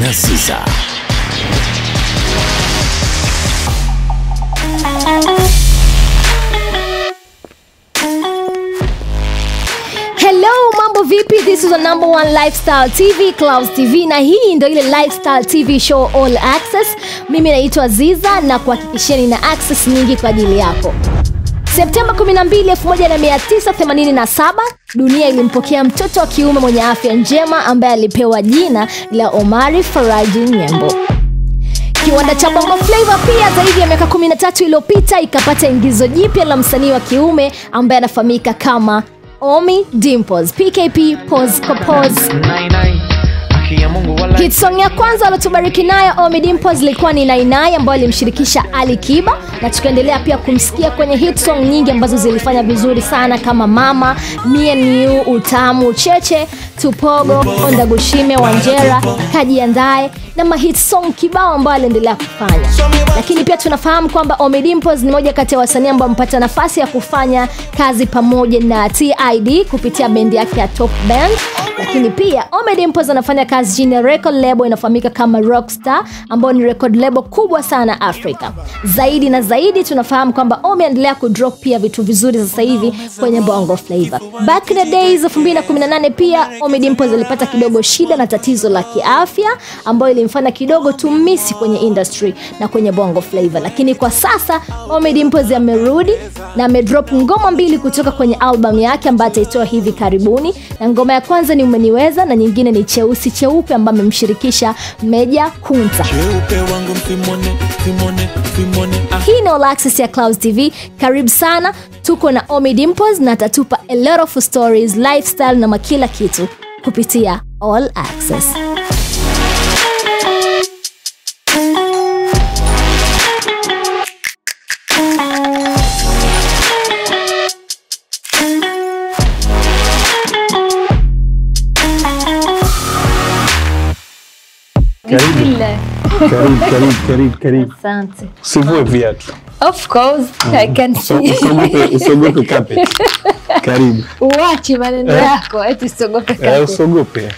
na Ziza. mambo vipi? This is the number one lifestyle TV, Clouds TV, na hii ndio ile lifestyle TV show all access. Mimi naitwa Ziza na kuhakikishia na access nyingi kwa ajili yako septemba 12 1987 dunia ilimpokea mtoto wa kiume mwenye afya njema ambaye alipewa jina la omari faraji nyembo kiwanda cha bongo flava pia zaidi ya miaka 13 iliyopita ikapata ingizo jipya la msanii wa kiume ambaye anafahamika kama omi dimples pkp pos, pos. Hit song ya kwanza alotubariki nayo Ommy Dimpoz ilikuwa ni Nainai ambayo alimshirikisha Ali Kiba, na tukaendelea pia kumsikia kwenye hit song nyingi ambazo zilifanya vizuri sana kama Mama, Mie ni You, Utamu, Cheche, Tupogo, Ondagushime, Wanjera, Kaji Kajiandae na mahit song kibao ambayo aliendelea kufanya. Lakini pia tunafahamu kwamba Ommy Dimpoz ni moja kati ya wasanii ambao amepata nafasi ya kufanya kazi pamoja na TID kupitia bendi yake ya Top Band, lakini pia Ommy Dimpoz anafanya kazi kazi chini ya record label inafahamika kama Rockstar ambayo ni record label kubwa sana Afrika. Zaidi na zaidi tunafahamu kwamba Ommy ku drop pia vitu vizuri sasa hivi kwenye Bongo Flava. Back in the days 2018 pia Ommy Dimpoz alipata kidogo shida na tatizo la kiafya ambayo ilimfanya kidogo tu tumisi kwenye industry na kwenye Bongo Flava, lakini kwa sasa Ommy Dimpoz amerudi na amedrop ngoma mbili kutoka kwenye album yake ambayo ataitoa hivi karibuni, na ngoma ya kwanza ni Umeniweza na nyingine ni Cheusi Cheusi cheupe ambaye amemshirikisha Meja Kunta. Ah. Hii ni All Access ya Clouds TV, karibu sana. Tuko na omi dimples na atatupa a lot of stories, lifestyle na makila kitu kupitia All Access. Karibu. Karibu, karibu, karibu, karibu. Asante. Sivue viatu. Of course, mm. I can see. Usogope carpet. Karibu. Uache maneno eh? yako eti usogope eh, carpet. Usogope.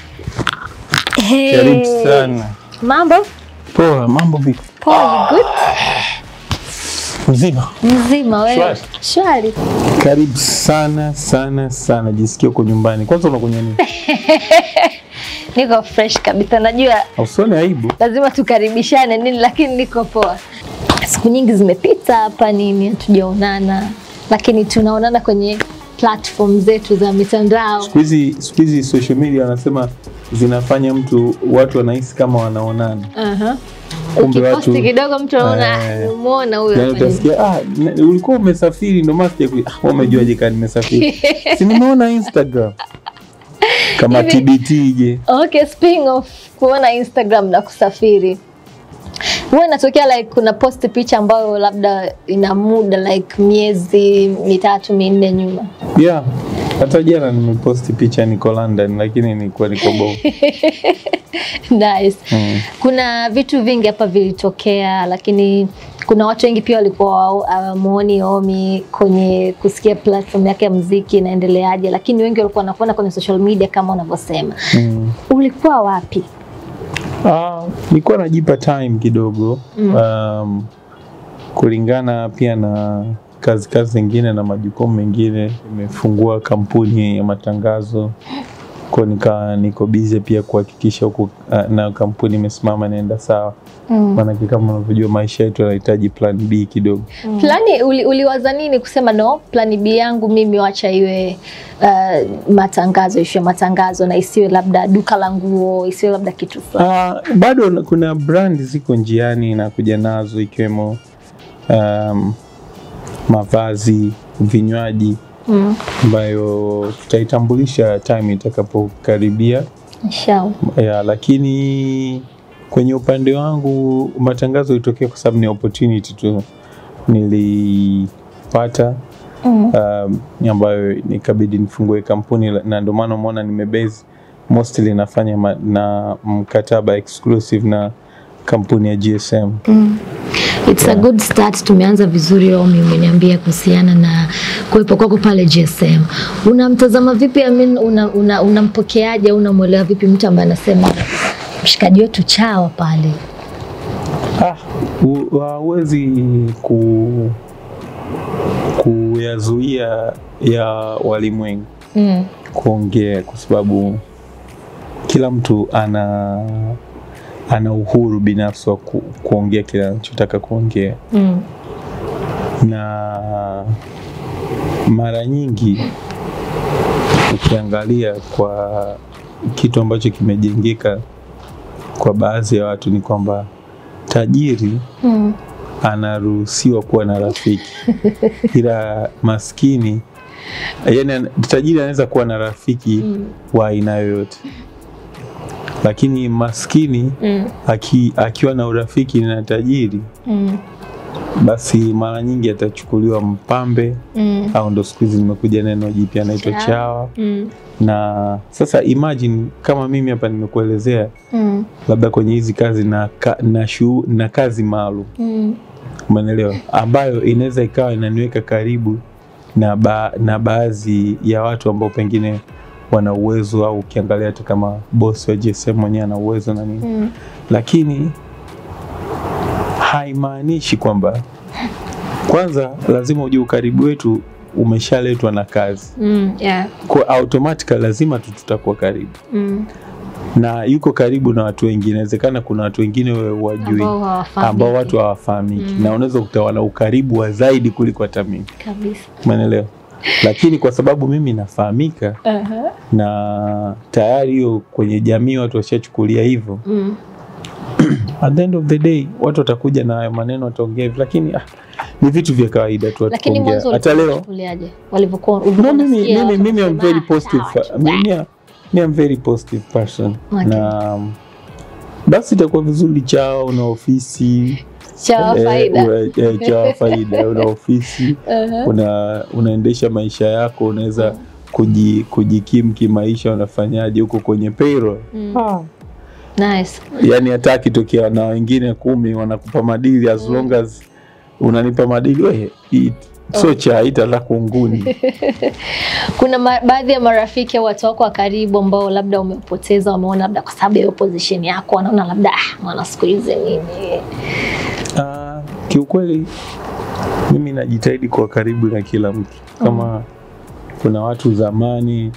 Hey. Karibu sana. Mambo? Poa, mambo vipi? Poa, good. Mzima. Mzima wewe. Shwari. Karibu sana sana sana, jisikie uko nyumbani. Kwanza unakunywa nini? niko fresh kabisa, najua usione aibu, lazima tukaribishane nini, lakini niko poa. Siku nyingi zimepita hapa nini, hatujaonana, lakini tunaonana kwenye platform zetu za mitandao. Siku hizi siku hizi social media wanasema zinafanya mtu watu wanahisi kama wanaonana. uh -huh. Kumbe watu kidogo mtu anaona eh. muona huyo. Yaani utasikia ah, ulikuwa umesafiri ndio maana sijakuja. Ah, umejuaje kani nimesafiri? si nimeona Instagram kama ije. Okay, speaking of kuona Instagram na kusafiri huwa inatokea like kuna post picha ambayo labda ina muda like miezi mitatu minne nyuma. Yeah. Hata jana nimeposti picha niko London lakini nilikuwa niko Bo. nice. Mm. Kuna vitu vingi hapa vilitokea lakini kuna watu wengi pia walikuwa uh, hawamuoni uh, Omi kwenye kusikia platform yake ya muziki inaendeleaje, lakini wengi walikuwa wanakuona kwenye social media kama unavyosema. Mm. Ulikuwa wapi? Uh, nilikuwa najipa time kidogo mm. um, kulingana pia na kazi kazi zingine na majukumu mengine. Nimefungua kampuni ya matangazo kwa nikawa niko bize pia kuhakikisha huku uh, na kampuni imesimama naenda sawa mm. Maanake kama unavyojua maisha yetu yanahitaji plan B kidogo mm. Plani e, uli, uliwaza nini kusema no, plani B yangu mimi wacha iwe uh, matangazo, ishiwe matangazo na isiwe labda duka la nguo, isiwe labda kitu fulani? Uh, bado kuna brand ziko njiani na kuja nazo ikiwemo um, mavazi, vinywaji Mm. ambayo mm. tutaitambulisha time itakapokaribia ya, lakini kwenye upande wangu matangazo itokea kwa sababu ni opportunity tu nilipata mm. um, ambayo nikabidi nifungue kampuni na ndio maana umeona nimebase mostly nafanya ma, na mkataba exclusive na kampuni ya GSM. Mm. It's yeah. a good start, tumeanza vizuri. Omi, umeniambia kuhusiana na kuwepo kwako pale GSM. Unamtazama vipi? I mean, unampokeaje? Una, una unamwelewa vipi mtu ambaye anasema mshikaji wetu chawa pale? Ah, ku kuyazuia ya wengi mm. kuongea kwa sababu kila mtu ana ana uhuru binafsi wa ku, kuongea kile anachotaka kuongea mm. na mara nyingi ukiangalia kwa kitu ambacho kimejengeka kwa baadhi ya watu ni kwamba tajiri mm. anaruhusiwa kuwa na rafiki ila maskini yani tajiri anaweza kuwa na rafiki mm. wa aina yoyote lakini maskini mm. aki, akiwa na urafiki na tajiri mm. basi mara nyingi atachukuliwa mpambe mm. au ndo siku hizi nimekuja neno jipya naitwa chawa mm. na sasa imagine kama mimi hapa nimekuelezea mm. labda kwenye hizi kazi na, ka, na, shu, na kazi maalum mm. umeelewa ambayo inaweza ikawa inaniweka karibu na, ba, na baadhi ya watu ambao pengine wana uwezo au ukiangalia hata kama bosi wa GSM mwenyewe ana uwezo na nini mm. Lakini haimaanishi kwamba kwanza lazima ujue ukaribu wetu umeshaletwa na kazi mm, yeah. Kwa automatika lazima tu tutakuwa karibu mm. Na yuko karibu na watu wengine, inawezekana kuna watu wengine wewe wajui ambao watu hawafahamiki mm. Na unaweza kutawala wana ukaribu wa zaidi kuliko hata mimi kabisa, umeelewa? lakini kwa sababu mimi nafahamika uh -huh. na tayari hiyo kwenye jamii watu washachukulia hivyo mm. at the end of the day watu watakuja na hayo maneno wataongea hivyo lakini ah, ni vitu vya kawaida tu watu kuongea. Hata leo mimi mimi am very positive mimi ni am very positive person okay. na um, basi itakuwa vizuri chao na ofisi cha e, e, una ofisi uh -huh. una, unaendesha maisha yako unaweza kuji, kujikimu kimaisha unafanyaje huko kwenye payroll mm. ah. Nice. yani hata akitokea na wengine kumi wanakupa madili as mm. long as unanipa madili wewe sio oh. chai ita kunguni Kuna baadhi ya marafiki au watu wako wa karibu ambao labda umepoteza, wameona labda kwa sababu ya position yako, wanaona labda ah, mwana siku hizi nini Kiukweli mimi najitahidi kwa karibu na kila mtu kama mm kuna watu zamani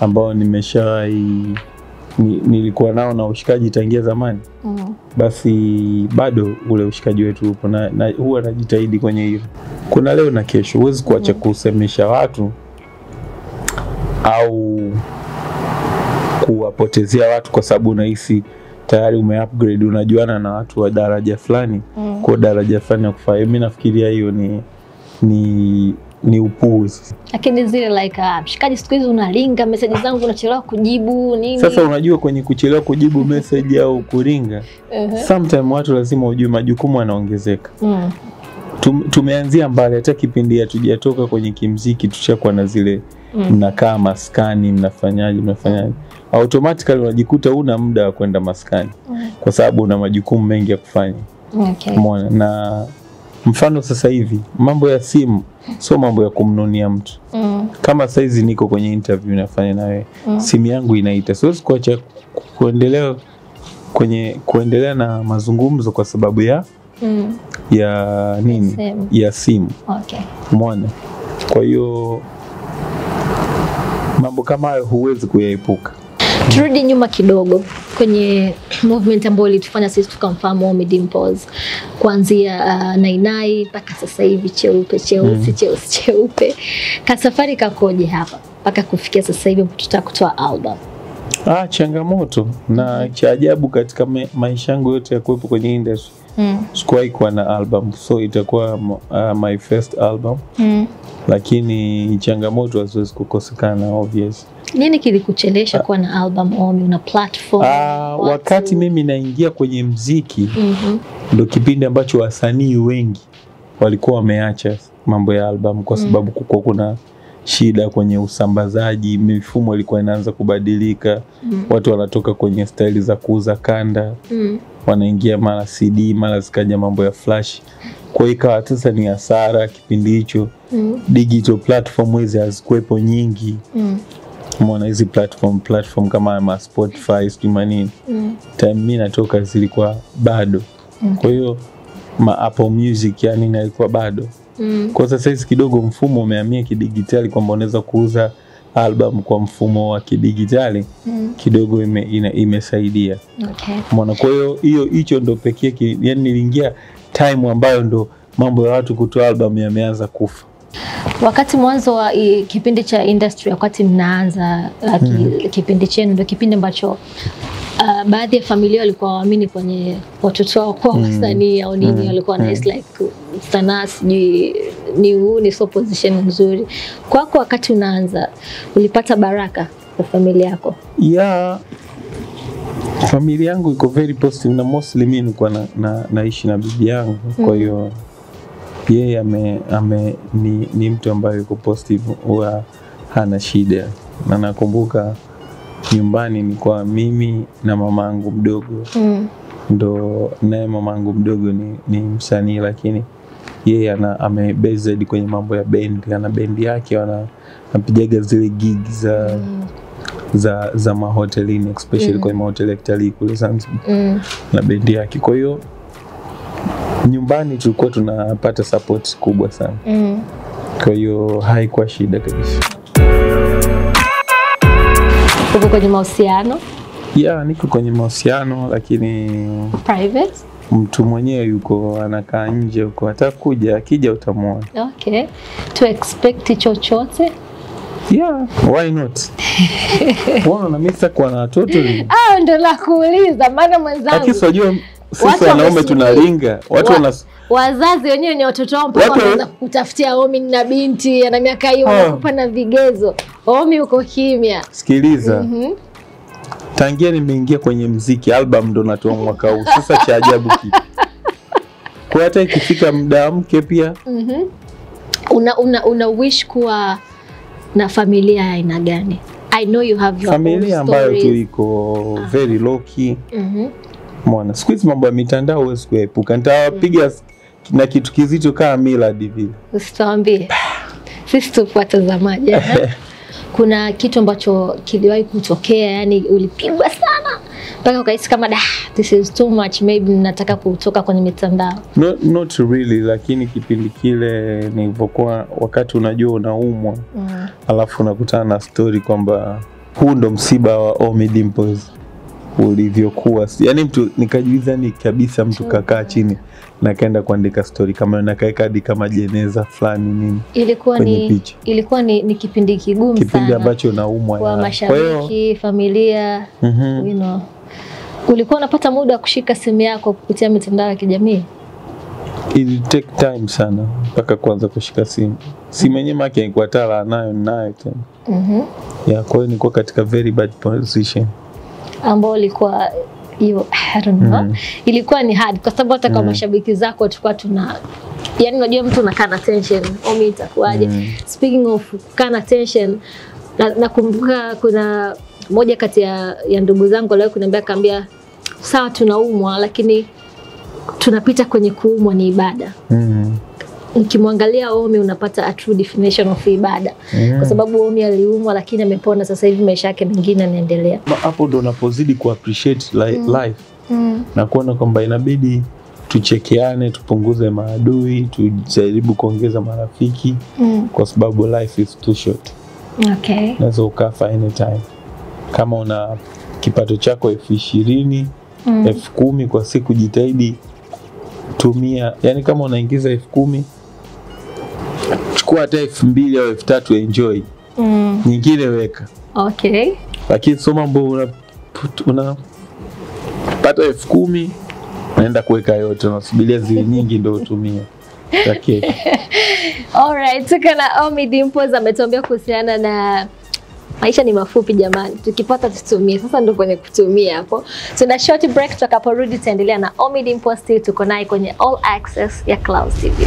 ambao nimeshawahi ni, nilikuwa nao na ushikaji tangia zamani mm. basi bado ule ushikaji wetu upo na, na huwa najitahidi kwenye hiyo. Kuna leo na kesho, huwezi kuacha mm. kusemesha watu au kuwapotezea watu kwa sababu unahisi tayari upgrade unajuana na watu wa daraja fulani mm. kwa daraja fulani ya kufaa. Mimi nafikiria hiyo ni ni ni upuuzi. Lakini zile like uh, mshikaji, siku hizi unaringa message zangu unachelewa kujibu nini? Sasa unajua kwenye kuchelewa kujibu message au kuringa uh -huh. sometime watu lazima ujue majukumu yanaongezeka mm. Tum, tumeanzia mbali, hata kipindi hatujatoka kwenye kimziki tushakuwa na zile mm. mnakaa maskani, mnafanyaje, mnafanyaje, automatically unajikuta una muda wa kwenda maskani mm. kwa sababu una majukumu mengi ya kufanya okay. na mfano sasa hivi mambo ya simu sio mambo ya kumnunia mtu mm. kama saizi niko kwenye interview nafanya na wewe mm. simu yangu inaita, siwezi kuacha kuendelea kwenye kuendelea na mazungumzo kwa sababu ya Mm. ya nini ya simu okay. mwana Kwa hiyo mambo kama hayo huwezi kuyaepuka. Turudi nyuma kidogo kwenye movement ambayo ilitufanya sisi tukamfahamu Ommy Dimpoz kuanzia uh, Nainai mpaka sasa hivi cheupe cheusi mm. cheusi cheupe, kasafari kakoje hapa mpaka kufikia sasa hivi tutaka kutoa album? Ah, changamoto na cha ajabu katika maisha yangu yote ya kuwepo kwenye industry mm. sikuwahi kuwa na album, so itakuwa uh, my first album mm. lakini changamoto haziwezi kukosekana obvious. Nini kilikuchelesha ah. kuwa na album au una platform? Ah, watu? wakati mimi naingia kwenye mziki mm -hmm. ndo kipindi ambacho wasanii wengi walikuwa wameacha mambo ya album kwa hmm. sababu mm. kulikuwa kuna shida kwenye usambazaji, mifumo ilikuwa inaanza kubadilika mm. Watu wanatoka kwenye staili za kuuza kanda mm. Wanaingia mara CD mara zikaja mambo ya flash, kwa hiyo ikawa sasa ni hasara kipindi hicho mm. Digital platform hizi hazikuwepo nyingi mm. Mona hizi platform platform kama ma Spotify sijui mm. time mimi natoka zilikuwa bado mm. Kwa hiyo ma Apple Music yani ilikuwa bado Mm. Kwa sasa hizi kidogo mfumo umehamia kidigitali kwamba unaweza kuuza album kwa mfumo wa kidigitali mm. kidogo ime, ina, imesaidia okay. Mwana, kwa hiyo hiyo hicho ndo pekee yani, niliingia time ambayo ndo mambo ya watu kutoa album yameanza kufa wakati mwanzo wa i, kipindi cha industry, wakati mnaanza mm. kipindi chenu ndio kipindi ambacho uh, baadhi ya familia walikuwa waamini kwenye watoto wao kwa mm. wasanii mm. au nini mm. walikuwa mm. nahisi like sanaa sijui ni huu ni so position nzuri kwako. Wakati unaanza ulipata baraka kwa familia yako? Yeah, familia yangu iko very positive na mostly mimi nilikuwa na, na, naishi na bibi yangu mm. kwa hiyo yeye ame, ame ni, ni mtu ambaye yuko positive, huwa hana shida, na nakumbuka nyumbani ni kwa mimi na mamangu mdogo mm. ndo naye mamangu mdogo ni, ni msanii lakini yeye yeah, zaidi kwenye mambo ya bendi, ana bendi yake, anapijaga zile gig za mm. za za mahotelini especially mm. kwenye mahoteli ya kitalii kule Zanzibar mm. na bendi yake. Kwa hiyo nyumbani tulikuwa tunapata support kubwa sana mm. kwa hiyo haikuwa shida kabisa uko kwenye mahusiano? Yeah, niko kwenye mahusiano lakini private mtu mwenyewe yuko anakaa nje huko, atakuja akija utamwona Okay, to expect chochote? Yeah, why not? na unamisa kuwa na watoto? Ah, ndo la kuuliza, maana mwenzangu lakini unajua sisi wanaume tunaringa watu wana wazazi wenyewe ni watoto wao, mpaka wanaanza kutafutia omi na binti ana miaka hiyo, ah. wanakupa na vigezo Omi uko kimya. Sikiliza. mm -hmm. Tangia nimeingia kwenye mziki, album ndo natoa mwaka huu. Sasa cha ajabu kipi? Kwa hata ikifika muda wa mke pia mm -hmm. una, una, una wish kuwa na familia ya aina gani? I know you have your familia ambayo tu iko ah. very low key mm Mwana siku hizi mambo ya mitandao huwezi kuepuka, nitawapiga mm -hmm. na kitu kizito kama mila vile, usitawambie sisi tupo watazamaji eh? kuna kitu ambacho kiliwahi kutokea, yani ulipigwa sana mpaka ukahisi kama da, this is too much, maybe nataka kutoka kwenye mitandao? No, not really, lakini kipindi kile nilivyokuwa, wakati unajua unaumwa mm. alafu unakutana na story kwamba huu ndo msiba wa Ommy Dimpoz ulivyokuwa, yani mtu nikajiuliza ni kabisa, mtu kakaa chini nakaenda kuandika stori kama nakaweka hadi kama jeneza fulani nini. Ilikuwa ni picha. ilikuwa ni, ni kipindi kigumu sana, kipindi ambacho naumwa kwa mashabiki, familia mm -hmm. you know. Ulikuwa unapata muda wa kushika simu yako kupitia mitandao ya kijamii? It take time sana mpaka kuanza kushika simu. Simu yenyewe mm -hmm. make nilikuwa tala nayo nayo tena. Mhm. Mm -hmm. ya kwa hiyo nilikuwa katika very bad position ambao ulikuwa hiyo Mm. Ilikuwa ni hard kwa sababu hata mm. kwa mashabiki zako tulikuwa tuna yani, unajua mtu unakaa na tension, omi itakuwaje? Mm. Speaking of kukaa na tension, nakumbuka na kuna moja kati ya, ya ndugu zangu leo kuniambia, kaambia sawa, tunaumwa lakini tunapita kwenye kuumwa ni ibada. mm ukimwangalia Omi unapata a true definition of ibada yeah. Mm. Kwa sababu Omi aliumwa lakini amepona, sasa hivi maisha yake mengine yanaendelea. Hapo ndo unapozidi ku appreciate li mm. life mm. na kuona kwamba inabidi tuchekeane, tupunguze maadui, tujaribu kuongeza marafiki mm. kwa sababu life is too short. Okay. ukafa anytime kama una kipato chako elfu ishirini mm. elfu kumi kwa siku, jitahidi tumia, yani kama unaingiza elfu kumi chukua hata elfu mbili au elfu tatu enjoy mm. nyingine weka okay. lakini soma mbo unapata una, elfu kumi naenda kuweka yote unasubilia zile nyingi ndo utumie okay. tuko na Ommy Dimpoz ametuambia kuhusiana na maisha ni mafupi jamani, tukipata tutumie. Sasa ndo kwenye kutumia hapo. Tuna short break, tutakaporudi tutaendelea na Ommy Dimpoz, tuko naye kwenye All Access ya Clouds TV.